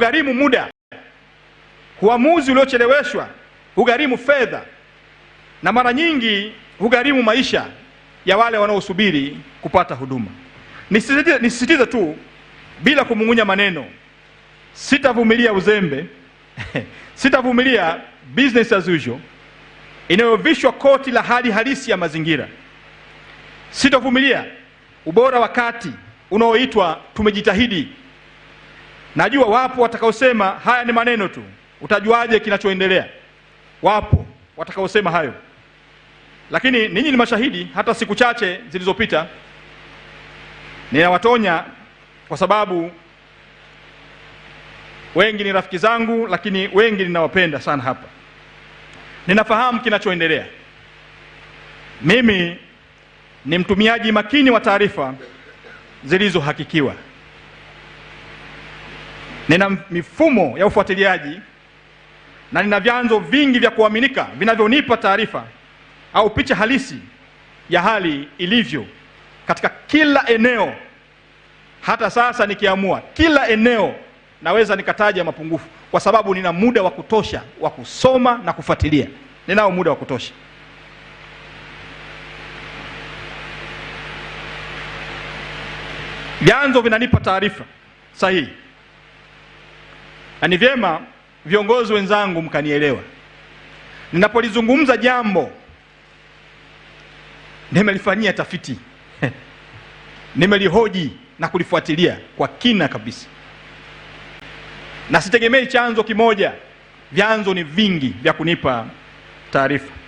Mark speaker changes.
Speaker 1: hugharimu muda, uamuzi uliocheleweshwa hugharimu fedha, na mara nyingi hugharimu maisha ya wale wanaosubiri kupata huduma. Nisisitize, nisisitize tu bila kumung'unya maneno, sitavumilia uzembe sitavumilia business as usual inayovishwa koti la hali halisi ya mazingira. Sitavumilia ubora wa kati unaoitwa tumejitahidi. Najua wapo watakaosema haya ni maneno tu, utajuaje kinachoendelea? Wapo watakaosema hayo, lakini ninyi ni mashahidi. Hata siku chache zilizopita, ninawatonya kwa sababu wengi ni rafiki zangu, lakini wengi ninawapenda sana. Hapa ninafahamu kinachoendelea. Mimi ni mtumiaji makini wa taarifa zilizohakikiwa nina mifumo ya ufuatiliaji na nina vyanzo vingi vya kuaminika vinavyonipa taarifa au picha halisi ya hali ilivyo katika kila eneo. Hata sasa nikiamua, kila eneo naweza nikataja mapungufu, kwa sababu nina muda wa kutosha wa kusoma na kufuatilia. Ninao muda wa kutosha. Vyanzo vinanipa taarifa sahihi na ni vyema viongozi wenzangu mkanielewa ninapolizungumza jambo nimelifanyia tafiti nimelihoji na kulifuatilia kwa kina kabisa, na sitegemei chanzo kimoja. Vyanzo ni vingi vya kunipa taarifa.